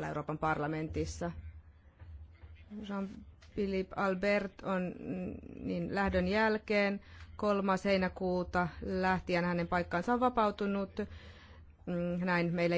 täällä Euroopan parlamentissa. Jean-Philippe Albert on mm, niin lähdön jälkeen 3. heinäkuuta lähtien hänen paikkaansa on vapautunut. Mm, näin meille